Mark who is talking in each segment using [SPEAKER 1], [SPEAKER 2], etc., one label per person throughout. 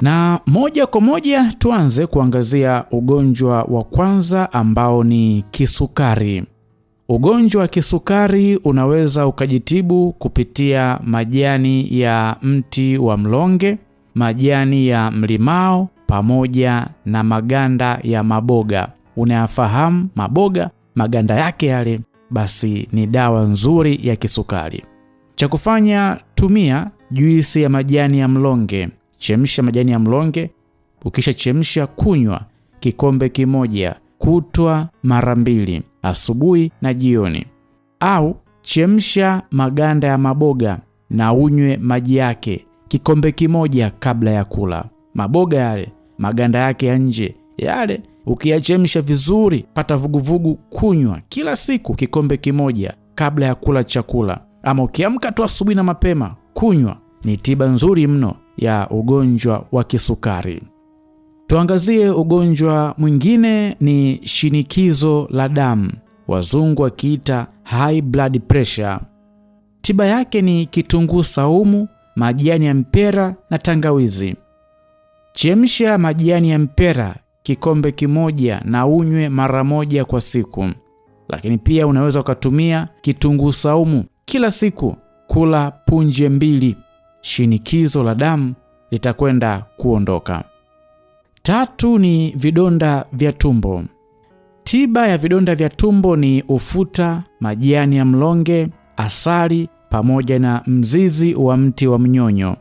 [SPEAKER 1] Na moja kwa moja tuanze kuangazia ugonjwa wa kwanza ambao ni kisukari. Ugonjwa wa kisukari unaweza ukajitibu kupitia majani ya mti wa mlonge, majani ya mlimao pamoja na maganda ya maboga. Unayafahamu maboga, maganda yake yale, basi ni dawa nzuri ya kisukari. Cha kufanya, tumia juisi ya majani ya mlonge chemsha majani ya mlonge, ukishachemsha kunywa kikombe kimoja kutwa mara mbili, asubuhi na jioni. Au chemsha maganda ya maboga na unywe maji yake kikombe kimoja kabla ya kula. Maboga yale maganda yake ya nje yale ukiyachemsha vizuri, pata vuguvugu, kunywa kila siku kikombe kimoja kabla ya kula chakula, ama ukiamka tu asubuhi na mapema, kunywa. Ni tiba nzuri mno ya ugonjwa wa kisukari. Tuangazie ugonjwa mwingine, ni shinikizo la damu, wazungu wakiita high blood pressure. Tiba yake ni kitunguu saumu, majani ya mpera na tangawizi. Chemsha majani ya mpera kikombe kimoja na unywe mara moja kwa siku. Lakini pia unaweza ukatumia kitunguu saumu kila siku, kula punje mbili shinikizo la damu litakwenda kuondoka. Tatu ni vidonda vya tumbo. Tiba ya vidonda vya tumbo ni ufuta, majani ya mlonge, asali pamoja na mzizi wa mti wa mnyonyo.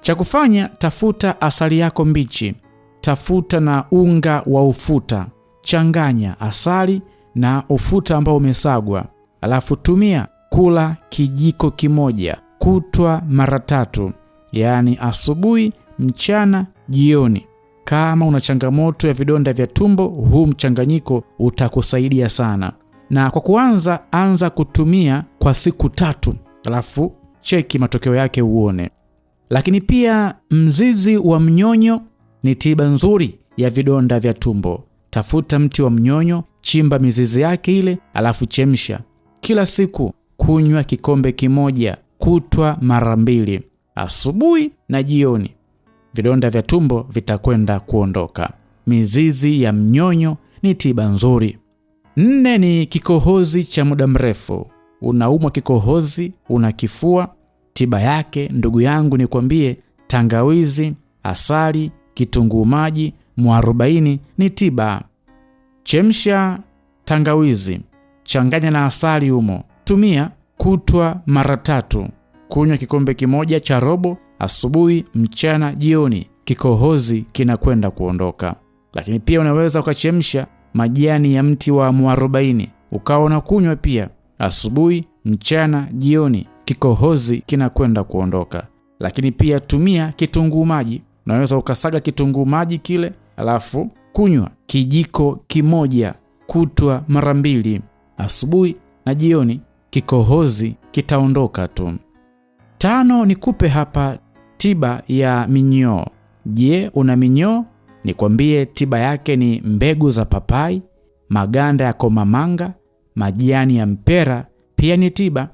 [SPEAKER 1] Cha kufanya, tafuta asali yako mbichi, tafuta na unga wa ufuta, changanya asali na ufuta ambao umesagwa, alafu tumia. Kula kijiko kimoja kutwa mara tatu, yaani asubuhi, mchana, jioni. Kama una changamoto ya vidonda vya tumbo, huu mchanganyiko utakusaidia sana. Na kwa kuanza, anza kutumia kwa siku tatu, alafu cheki matokeo yake uone. Lakini pia mzizi wa mnyonyo ni tiba nzuri ya vidonda vya tumbo. Tafuta mti wa mnyonyo, chimba mizizi yake ile, alafu chemsha. Kila siku kunywa kikombe kimoja kutwa mara mbili, asubuhi na jioni. Vidonda vya tumbo vitakwenda kuondoka. Mizizi ya mnyonyo ni tiba nzuri. Nne ni kikohozi cha muda mrefu. Unaumwa kikohozi, una kifua, tiba yake ndugu yangu nikwambie, tangawizi, asali, kitunguu maji, mwarobaini ni tiba. Chemsha tangawizi, changanya na asali, humo tumia kutwa mara tatu. Kunywa kikombe kimoja cha robo asubuhi, mchana, jioni, kikohozi kinakwenda kuondoka. Lakini pia unaweza ukachemsha majani ya mti wa mwarobaini ukawa unakunywa pia asubuhi, mchana, jioni, kikohozi kinakwenda kuondoka. Lakini pia tumia kitunguu maji, unaweza ukasaga kitunguu maji kile, alafu kunywa kijiko kimoja kutwa mara mbili, asubuhi na jioni kikohozi kitaondoka tu. Tano, nikupe hapa tiba ya minyoo. Je, una minyoo? Nikwambie tiba yake ni mbegu za papai, maganda ya komamanga, majani ya mpera pia ni tiba.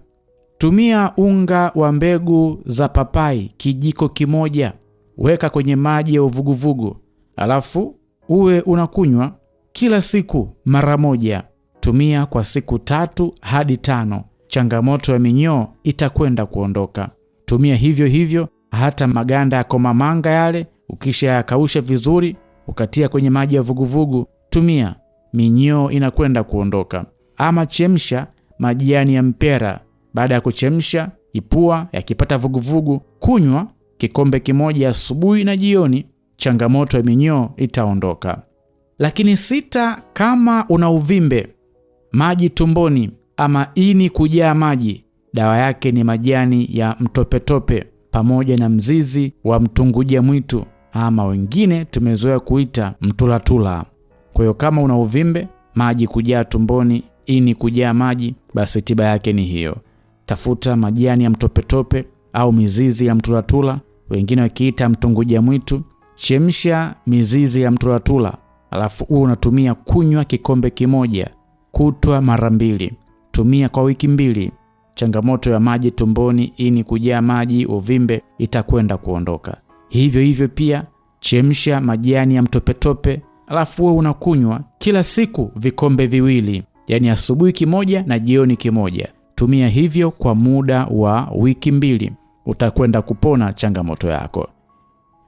[SPEAKER 1] Tumia unga wa mbegu za papai kijiko kimoja, weka kwenye maji ya uvuguvugu, alafu uwe unakunywa kila siku mara moja. Tumia kwa siku tatu hadi tano changamoto ya minyoo itakwenda kuondoka. Tumia hivyo hivyo hata maganda ya komamanga yale, ukisha yakausha vizuri, ukatia kwenye maji ya vuguvugu, tumia, minyoo inakwenda kuondoka. Ama chemsha majani ya mpera. Baada ya kuchemsha, ipua, yakipata vuguvugu, kunywa kikombe kimoja asubuhi na jioni, changamoto ya minyoo itaondoka. Lakini sita, kama una uvimbe, maji tumboni ama ini kujaa maji, dawa yake ni majani ya mtopetope pamoja na mzizi wa mtunguja mwitu ama wengine tumezoea kuita mtulatula. Kwa hiyo kama una uvimbe, maji kujaa tumboni, ini kujaa maji, basi tiba yake ni hiyo. Tafuta majani ya mtopetope au mizizi ya mtulatula, wengine wakiita mtunguja mwitu. Chemsha mizizi ya mtulatula, alafu huo unatumia kunywa kikombe kimoja kutwa mara mbili. Tumia kwa wiki mbili. Changamoto ya maji tumboni, ini kujaa maji, uvimbe itakwenda kuondoka. Hivyo hivyo pia chemsha majani ya mtopetope, alafu wewe unakunywa kila siku vikombe viwili, yaani asubuhi kimoja na jioni kimoja. Tumia hivyo kwa muda wa wiki mbili, utakwenda kupona changamoto yako.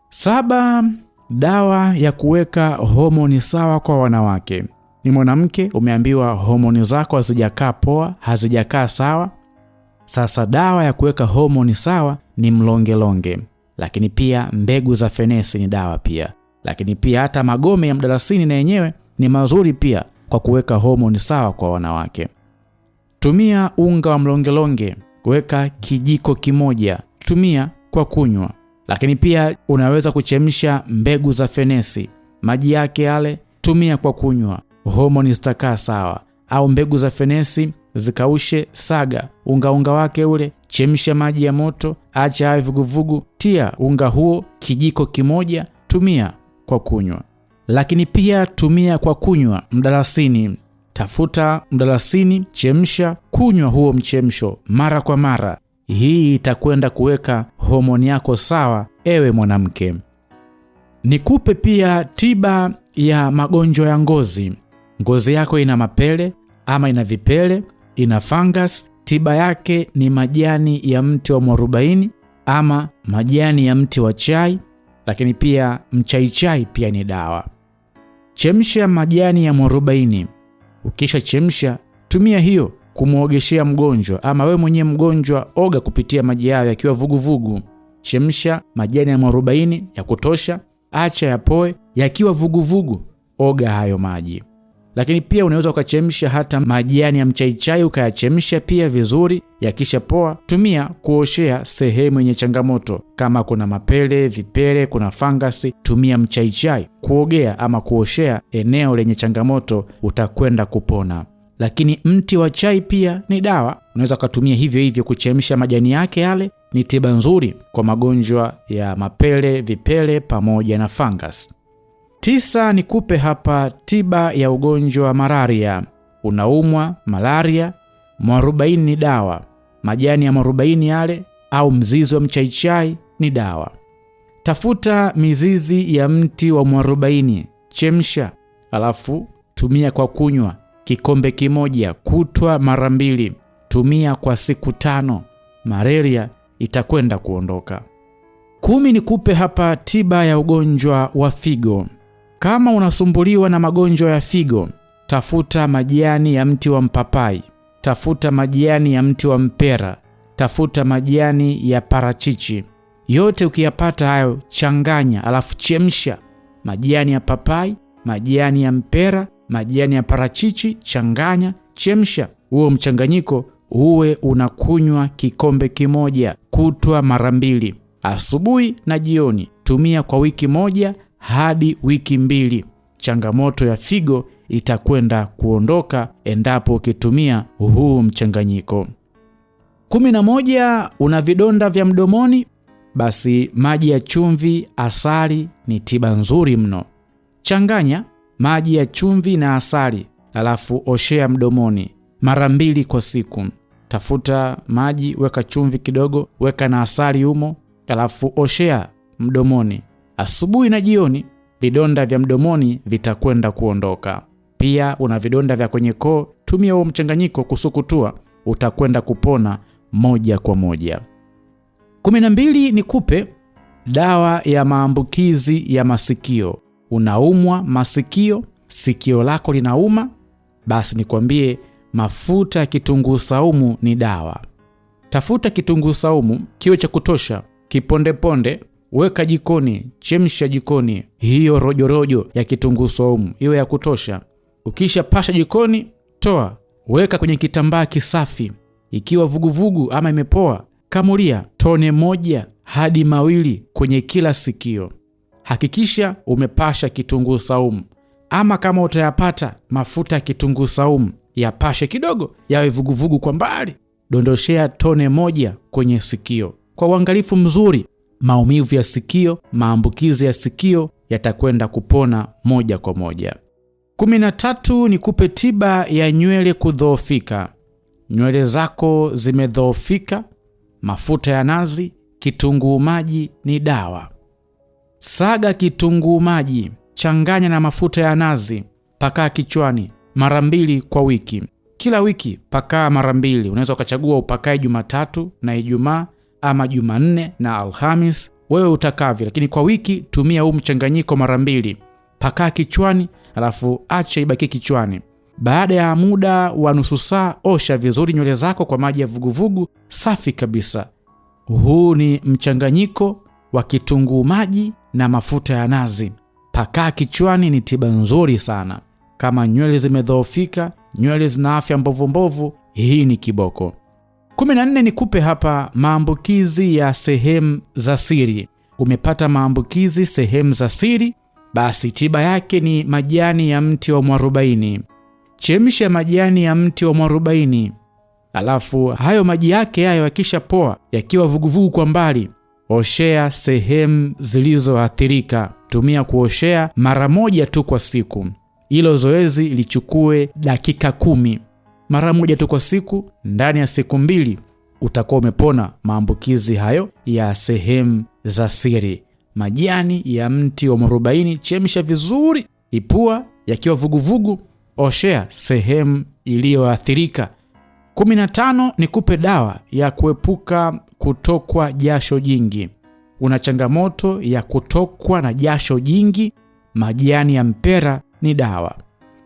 [SPEAKER 1] Saba, dawa ya kuweka homoni sawa kwa wanawake ni mwanamke, umeambiwa homoni zako hazijakaa poa, hazijakaa sawa. Sasa dawa ya kuweka homoni sawa ni mlongelonge, lakini pia mbegu za fenesi ni dawa pia, lakini pia hata magome ya mdarasini na yenyewe ni mazuri pia kwa kuweka homoni sawa kwa wanawake. Tumia unga wa mlongelonge, weka kijiko kimoja, tumia kwa kunywa. Lakini pia unaweza kuchemsha mbegu za fenesi, maji yake yale tumia kwa kunywa homoni zitakaa sawa, au mbegu za fenesi zikaushe, saga ungaunga wake ule, chemsha maji ya moto, acha awe vuguvugu, tia unga huo kijiko kimoja, tumia kwa kunywa. Lakini pia tumia kwa kunywa mdalasini. Tafuta mdalasini, chemsha, kunywa huo mchemsho mara kwa mara. Hii itakwenda kuweka homoni yako sawa, ewe mwanamke. Nikupe pia tiba ya magonjwa ya ngozi ngozi yako ina mapele ama ina vipele, ina fungus, tiba yake ni majani ya mti wa mwarubaini ama majani ya mti wa chai, lakini pia mchaichai pia ni dawa. Chemsha majani ya mwarubaini ukisha chemsha, tumia hiyo kumwogeshea mgonjwa, ama wewe mwenyewe mgonjwa, oga kupitia maji yayo yakiwa vuguvugu. Chemsha majani ya mwarubaini ya kutosha, acha yapoe yakiwa vuguvugu, oga hayo maji lakini pia unaweza ukachemsha hata majani ya mchaichai ukayachemsha pia vizuri. Yakisha poa, tumia kuoshea sehemu yenye changamoto. Kama kuna mapele, vipele, kuna fangasi, tumia mchaichai kuogea ama kuoshea eneo lenye changamoto, utakwenda kupona. Lakini mti wa chai pia ni dawa, unaweza ukatumia hivyo hivyo kuchemsha majani yake, yale ni tiba nzuri kwa magonjwa ya mapele, vipele pamoja na fangasi. Tisa, ni kupe hapa tiba ya ugonjwa wa malaria. Unaumwa malaria, mwarobaini ni dawa. Majani ya mwarobaini yale au mzizi wa mchaichai ni dawa. Tafuta mizizi ya mti wa mwarobaini, chemsha, alafu tumia kwa kunywa kikombe kimoja kutwa mara mbili. Tumia kwa siku tano, malaria itakwenda kuondoka. Kumi, nikupe hapa tiba ya ugonjwa wa figo. Kama unasumbuliwa na magonjwa ya figo, tafuta majani ya mti wa mpapai, tafuta majani ya mti wa mpera, tafuta majani ya parachichi. Yote ukiyapata hayo, changanya alafu chemsha. Majani ya papai, majani ya mpera, majani ya parachichi, changanya, chemsha. Huo mchanganyiko uwe unakunywa kikombe kimoja kutwa mara mbili, asubuhi na jioni. Tumia kwa wiki moja hadi wiki mbili, changamoto ya figo itakwenda kuondoka endapo ukitumia huu mchanganyiko. Kumi na moja. Una vidonda vya mdomoni? Basi maji ya chumvi, asali ni tiba nzuri mno. Changanya maji ya chumvi na asali, alafu oshea mdomoni mara mbili kwa siku. Tafuta maji, weka chumvi kidogo, weka na asali humo, alafu oshea mdomoni Asubuhi na jioni vidonda vya mdomoni vitakwenda kuondoka. Pia una vidonda vya kwenye koo, tumia huo mchanganyiko kusukutua, utakwenda kupona moja kwa moja. kumi na mbili, nikupe dawa ya maambukizi ya masikio. Unaumwa masikio, sikio lako linauma, basi nikwambie mafuta ya kitunguu saumu ni dawa. Tafuta kitunguu saumu kiwe cha kutosha, kipondeponde weka jikoni, chemsha jikoni hiyo rojorojo rojo ya kitunguu saumu iwe ya kutosha. Ukisha pasha jikoni, toa weka kwenye kitambaa kisafi. Ikiwa vuguvugu vugu ama imepoa, kamulia tone moja hadi mawili kwenye kila sikio. Hakikisha umepasha kitunguu saumu, ama kama utayapata mafuta ya kitunguu saumu yapashe kidogo, yawe vuguvugu kwa mbali. Dondoshea tone moja kwenye sikio kwa uangalifu mzuri maumivu ya sikio, maambukizi ya sikio yatakwenda kupona moja kwa moja. Kumi na tatu, nikupe tiba ya nywele kudhoofika. Nywele zako zimedhoofika, mafuta ya nazi, kitunguu maji ni dawa. Saga kitunguu maji, changanya na mafuta ya nazi, pakaa kichwani mara mbili kwa wiki. Kila wiki pakaa mara mbili. Unaweza ukachagua upakae Jumatatu na Ijumaa ama Jumanne na Alhamis, wewe utakavyo, lakini kwa wiki tumia huu mchanganyiko mara mbili. Pakaa kichwani, alafu acha ibakie kichwani. Baada ya muda wa nusu saa, osha vizuri nywele zako kwa maji ya vuguvugu safi kabisa. Huu ni mchanganyiko wa kitunguu maji na mafuta ya nazi. Pakaa kichwani, ni tiba nzuri sana. Kama nywele zimedhoofika, nywele zina afya mbovu mbovu, hii ni kiboko. 14 nikupe hapa maambukizi ya sehemu za siri. Umepata maambukizi sehemu za siri, basi tiba yake ni majani ya mti wa mwarobaini. Chemsha majani ya mti wa mwarobaini, alafu hayo maji yake hayo yakishapoa, yakiwa vuguvugu kwa mbali, oshea sehemu zilizoathirika. Tumia kuoshea mara moja tu kwa siku. ilo zoezi lichukue dakika kumi mara moja tu kwa siku, ndani ya siku mbili utakuwa umepona maambukizi hayo ya sehemu za siri. Majani ya mti wa mwarobaini chemsha vizuri, ipua yakiwa vuguvugu, oshea sehemu iliyoathirika. 15. kupe dawa ya kuepuka kutokwa jasho jingi. Una changamoto ya kutokwa na jasho jingi? Majani ya mpera ni dawa.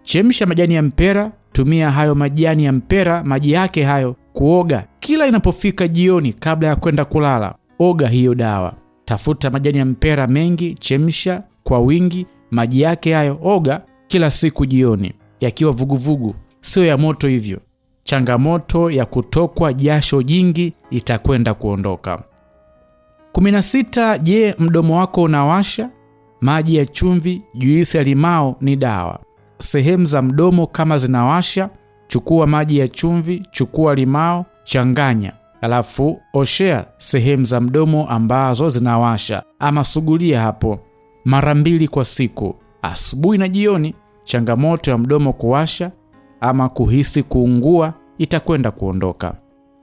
[SPEAKER 1] Chemsha majani ya mpera Tumia hayo majani ya mpera, maji yake hayo, kuoga kila inapofika jioni, kabla ya kwenda kulala. Oga hiyo dawa, tafuta majani ya mpera mengi, chemsha kwa wingi, maji yake hayo, oga kila siku jioni, yakiwa vuguvugu, sio ya moto hivyo changamoto ya kutokwa jasho jingi itakwenda kuondoka. 16. Je, mdomo wako unawasha? Maji ya chumvi, juisi ya limao ni dawa sehemu za mdomo kama zinawasha, chukua maji ya chumvi, chukua limao, changanya alafu oshea sehemu za mdomo ambazo zinawasha ama sugulia hapo mara mbili kwa siku, asubuhi na jioni. Changamoto ya mdomo kuwasha ama kuhisi kuungua itakwenda kuondoka.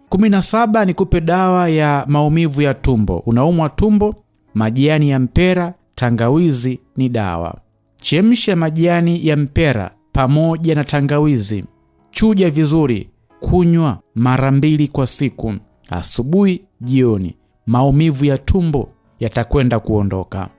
[SPEAKER 1] 17. Nikupe dawa ya maumivu ya tumbo. Unaumwa tumbo? Majani ya mpera, tangawizi ni dawa. Chemsha majani ya mpera pamoja na tangawizi, chuja vizuri, kunywa mara mbili kwa siku, asubuhi, jioni. Maumivu ya tumbo yatakwenda kuondoka.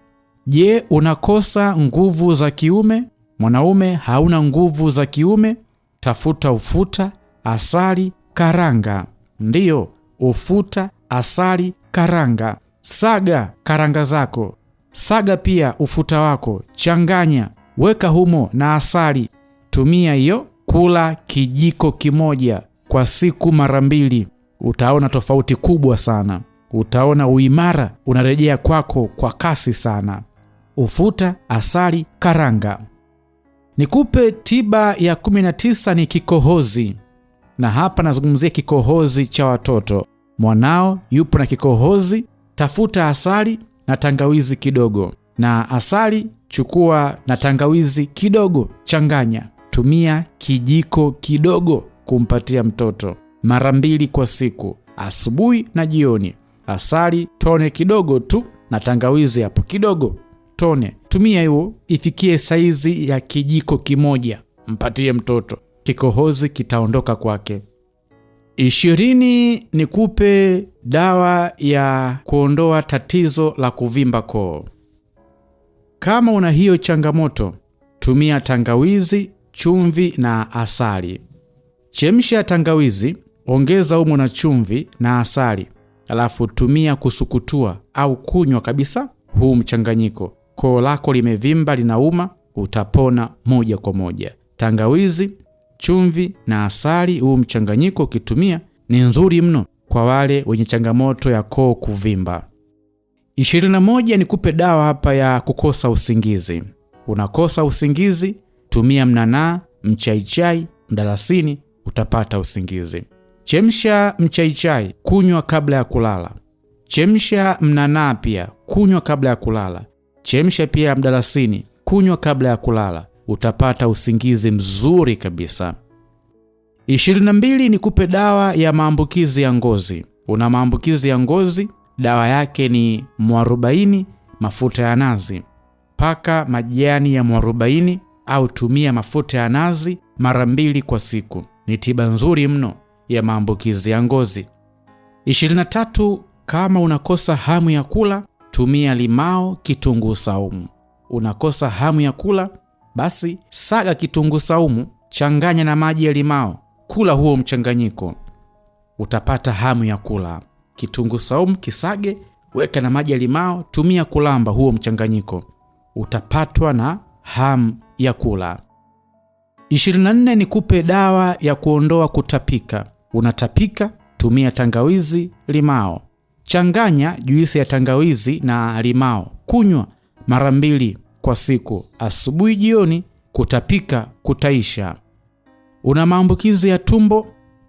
[SPEAKER 1] Je, unakosa nguvu za kiume? Mwanaume hauna nguvu za kiume? Tafuta ufuta, asali, karanga. Ndiyo, ufuta, asali, karanga. Saga karanga zako, Saga pia ufuta wako, changanya, weka humo na asali. Tumia hiyo kula kijiko kimoja kwa siku mara mbili. Utaona tofauti kubwa sana, utaona uimara unarejea kwako kwa kasi sana. Ufuta, asali, karanga. Nikupe tiba ya 19 ni kikohozi, na hapa nazungumzia kikohozi cha watoto. Mwanao yupo na kikohozi, tafuta asali na tangawizi kidogo, na asali chukua na tangawizi kidogo, changanya. Tumia kijiko kidogo kumpatia mtoto mara mbili kwa siku, asubuhi na jioni. Asali tone kidogo tu na tangawizi hapo kidogo tone, tumia hiyo ifikie saizi ya kijiko kimoja, mpatie mtoto. Kikohozi kitaondoka kwake ishirini nikupe dawa ya kuondoa tatizo la kuvimba koo. Kama una hiyo changamoto, tumia tangawizi, chumvi na asali. Chemsha tangawizi, ongeza umo na chumvi na asali, alafu tumia kusukutua au kunywa kabisa huu mchanganyiko. Koo lako limevimba, linauma, utapona moja kwa moja. Tangawizi, chumvi na asali. Huu mchanganyiko ukitumia ni nzuri mno kwa wale wenye changamoto ya koo kuvimba. 21. kupe dawa hapa ya kukosa usingizi. Unakosa usingizi, tumia mnanaa, mchaichai, mdalasini, utapata usingizi. Chemsha mchaichai, kunywa kabla ya kulala. Chemsha mnanaa pia, kunywa kabla ya kulala. Chemsha pia mdalasini, kunywa kabla ya kulala utapata usingizi mzuri kabisa. 22 kupe dawa ya maambukizi ya ngozi. Una maambukizi ya ngozi, dawa yake ni mwarobaini, mafuta ya nazi. Paka majani ya mwarobaini au tumia mafuta ya nazi mara mbili kwa siku. Ni tiba nzuri mno ya maambukizi ya ngozi. 23 kama unakosa hamu ya kula, tumia limao, kitunguu saumu. Unakosa hamu ya kula, basi saga kitunguu saumu, changanya na maji ya limao, kula huo mchanganyiko, utapata hamu ya kula. Kitunguu saumu kisage, weka na maji ya limao, tumia kulamba huo mchanganyiko, utapatwa na hamu ya kula. 24. Nikupe dawa ya kuondoa kutapika. Unatapika, tumia tangawizi, limao, changanya juisi ya tangawizi na limao, kunywa mara mbili kwa siku, asubuhi, jioni, kutapika kutaisha. Una maambukizi ya tumbo?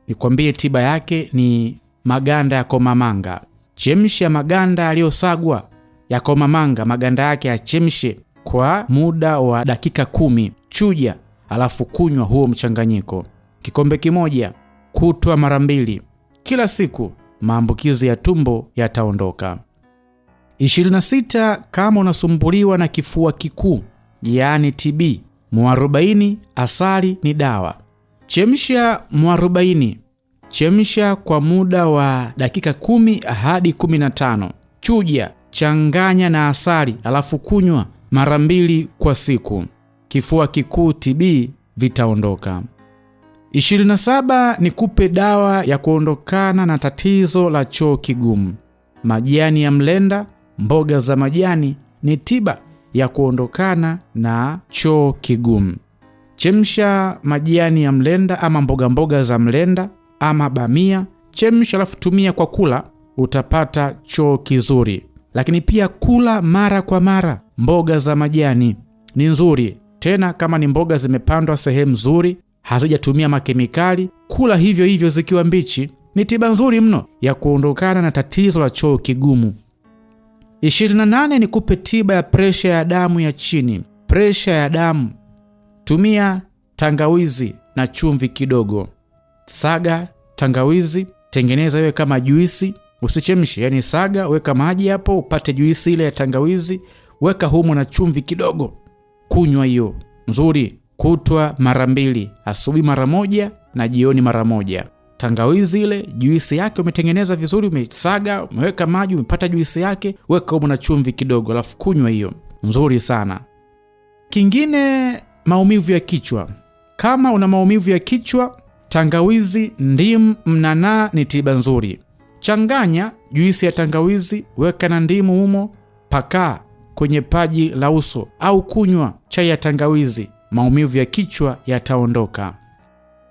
[SPEAKER 1] Nikwambie tiba yake ni maganda ya komamanga. Chemsha maganda yaliyosagwa ya komamanga, maganda yake yachemshe kwa muda wa dakika kumi. Chuja alafu kunywa huo mchanganyiko, kikombe kimoja kutwa mara mbili kila siku, maambukizi ya tumbo yataondoka. 26 kama unasumbuliwa na kifua kikuu, yani TB. Mwarobaini, asali ni dawa. Chemsha mwarobaini, chemsha kwa muda wa dakika kumi hadi 15. Chuja, changanya na asali alafu kunywa mara mbili kwa siku. Kifua kikuu TB vitaondoka. 27. kupe dawa ya kuondokana na tatizo la choo kigumu: majani ya mlenda mboga za majani ni tiba ya kuondokana na choo kigumu. Chemsha majani ya mlenda ama mboga mboga za mlenda ama bamia, chemsha alafu tumia kwa kula, utapata choo kizuri. Lakini pia kula mara kwa mara mboga za majani ni nzuri, tena kama ni mboga zimepandwa sehemu nzuri, hazijatumia makemikali. Kula hivyo hivyo zikiwa mbichi, ni tiba nzuri mno ya kuondokana na tatizo la choo kigumu. 28 ni kupe tiba ya presha ya damu ya chini. Presha ya damu, tumia tangawizi na chumvi kidogo. Saga tangawizi, tengeneza iwe kama juisi, usichemshe. Yani saga, weka maji hapo, upate juisi ile ya tangawizi, weka humo na chumvi kidogo. Kunywa hiyo nzuri, kutwa mara mbili, asubuhi mara moja na jioni mara moja tangawizi ile juisi yake umetengeneza vizuri, umesaga, umeweka maji, umepata juisi yake, weka humo na chumvi kidogo, alafu kunywa hiyo, nzuri sana. Kingine, maumivu ya kichwa. Kama una maumivu ya kichwa, tangawizi, ndimu, mnanaa ni tiba nzuri. Changanya juisi ya tangawizi, weka na ndimu humo, pakaa kwenye paji la uso au kunywa chai ya tangawizi, maumivu ya kichwa yataondoka.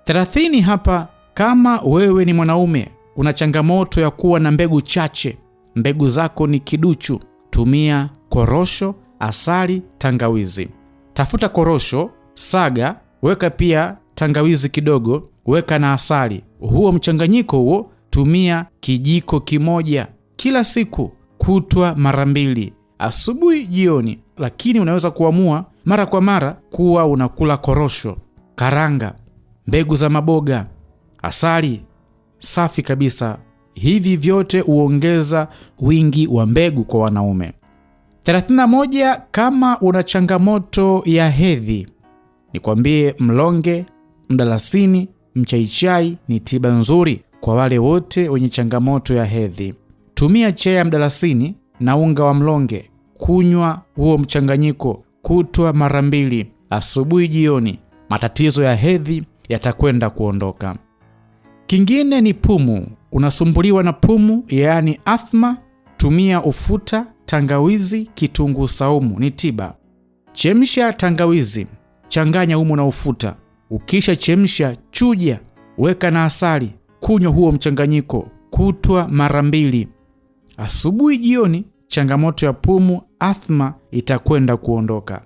[SPEAKER 1] 30 hapa kama wewe ni mwanaume, una changamoto ya kuwa na mbegu chache, mbegu zako ni kiduchu, tumia korosho, asali, tangawizi. Tafuta korosho, saga, weka pia tangawizi kidogo, weka na asali. Huo mchanganyiko huo tumia kijiko kimoja kila siku kutwa mara mbili, asubuhi, jioni. Lakini unaweza kuamua mara kwa mara kuwa unakula korosho, karanga, mbegu za maboga asali safi kabisa. Hivi vyote huongeza wingi wa mbegu kwa wanaume. 31. Kama una changamoto ya hedhi, nikwambie mlonge, mdalasini, mchaichai ni tiba nzuri kwa wale wote wenye changamoto ya hedhi. Tumia chai ya mdalasini na unga wa mlonge, kunywa huo mchanganyiko kutwa mara mbili, asubuhi, jioni. Matatizo ya hedhi yatakwenda kuondoka. Kingine ni pumu. Unasumbuliwa na pumu, yaani athma? Tumia ufuta, tangawizi, kitunguu saumu, ni tiba. Chemsha tangawizi, changanya humo na ufuta. ukisha chemsha chuja, weka na asali. Kunywa huo mchanganyiko kutwa mara mbili, asubuhi, jioni. Changamoto ya pumu, athma, itakwenda kuondoka.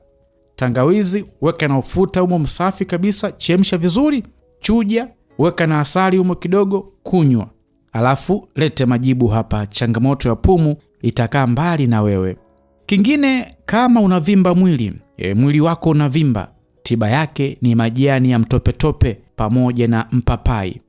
[SPEAKER 1] Tangawizi weka na ufuta, humo msafi kabisa, chemsha vizuri, chuja weka na asali humo kidogo, kunywa. Alafu lete majibu hapa, changamoto ya pumu itakaa mbali na wewe. Kingine, kama unavimba mwili e, mwili wako unavimba, tiba yake ni majani ya mtopetope pamoja na mpapai.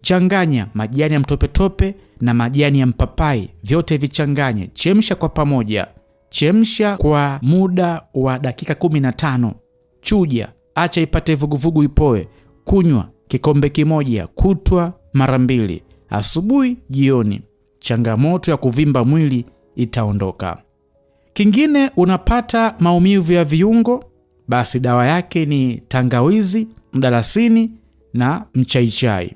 [SPEAKER 1] Changanya majani ya mtopetope na majani ya mpapai, vyote vichanganye, chemsha kwa pamoja. Chemsha kwa muda wa dakika 15. Chuja, acha ipate vuguvugu, ipoe. Kunywa kikombe kimoja kutwa mara mbili, asubuhi, jioni, changamoto ya kuvimba mwili itaondoka. Kingine, unapata maumivu ya viungo, basi dawa yake ni tangawizi, mdalasini na mchaichai.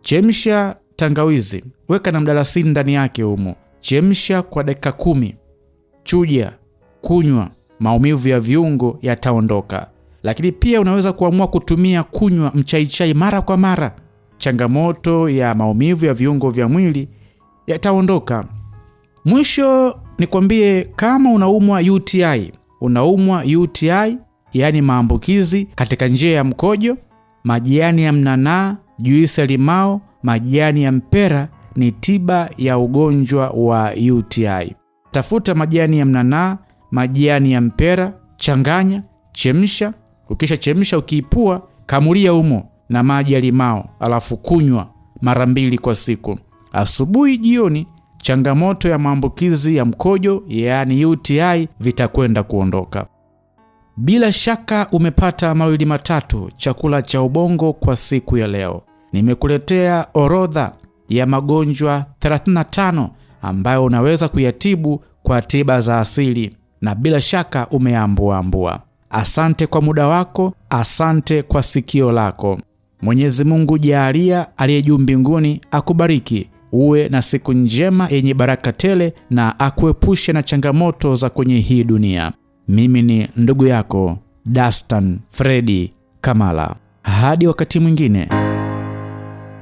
[SPEAKER 1] Chemsha tangawizi, weka na mdalasini ndani yake humo, chemsha kwa dakika kumi, chuja, kunywa, maumivu ya viungo yataondoka lakini pia unaweza kuamua kutumia kunywa mchaichai mara kwa mara. Changamoto ya maumivu ya viungo vya mwili yataondoka. Mwisho nikwambie, kama unaumwa UTI, unaumwa UTI yaani maambukizi katika njia ya mkojo, majiani ya mnanaa, juisi limao, majiani ya mpera ni tiba ya ugonjwa wa UTI. Tafuta majiani ya mnanaa, majiani ya mpera, changanya, chemsha Ukishachemsha ukiipua, kamulia umo na maji ya limao, alafu kunywa mara mbili kwa siku, asubuhi, jioni. Changamoto ya maambukizi ya mkojo yaani UTI vitakwenda kuondoka. Bila shaka umepata mawili matatu chakula cha ubongo kwa siku ya leo. Nimekuletea orodha ya magonjwa 35 ambayo unaweza kuyatibu kwa tiba za asili na bila shaka umeambuaambua. Asante kwa muda wako, asante kwa sikio lako. Mwenyezi Mungu jaalia aliye juu mbinguni akubariki, uwe na siku njema yenye baraka tele, na akuepushe na changamoto za kwenye hii dunia. Mimi ni ndugu yako Dastan Fredi Kamala. Hadi wakati mwingine.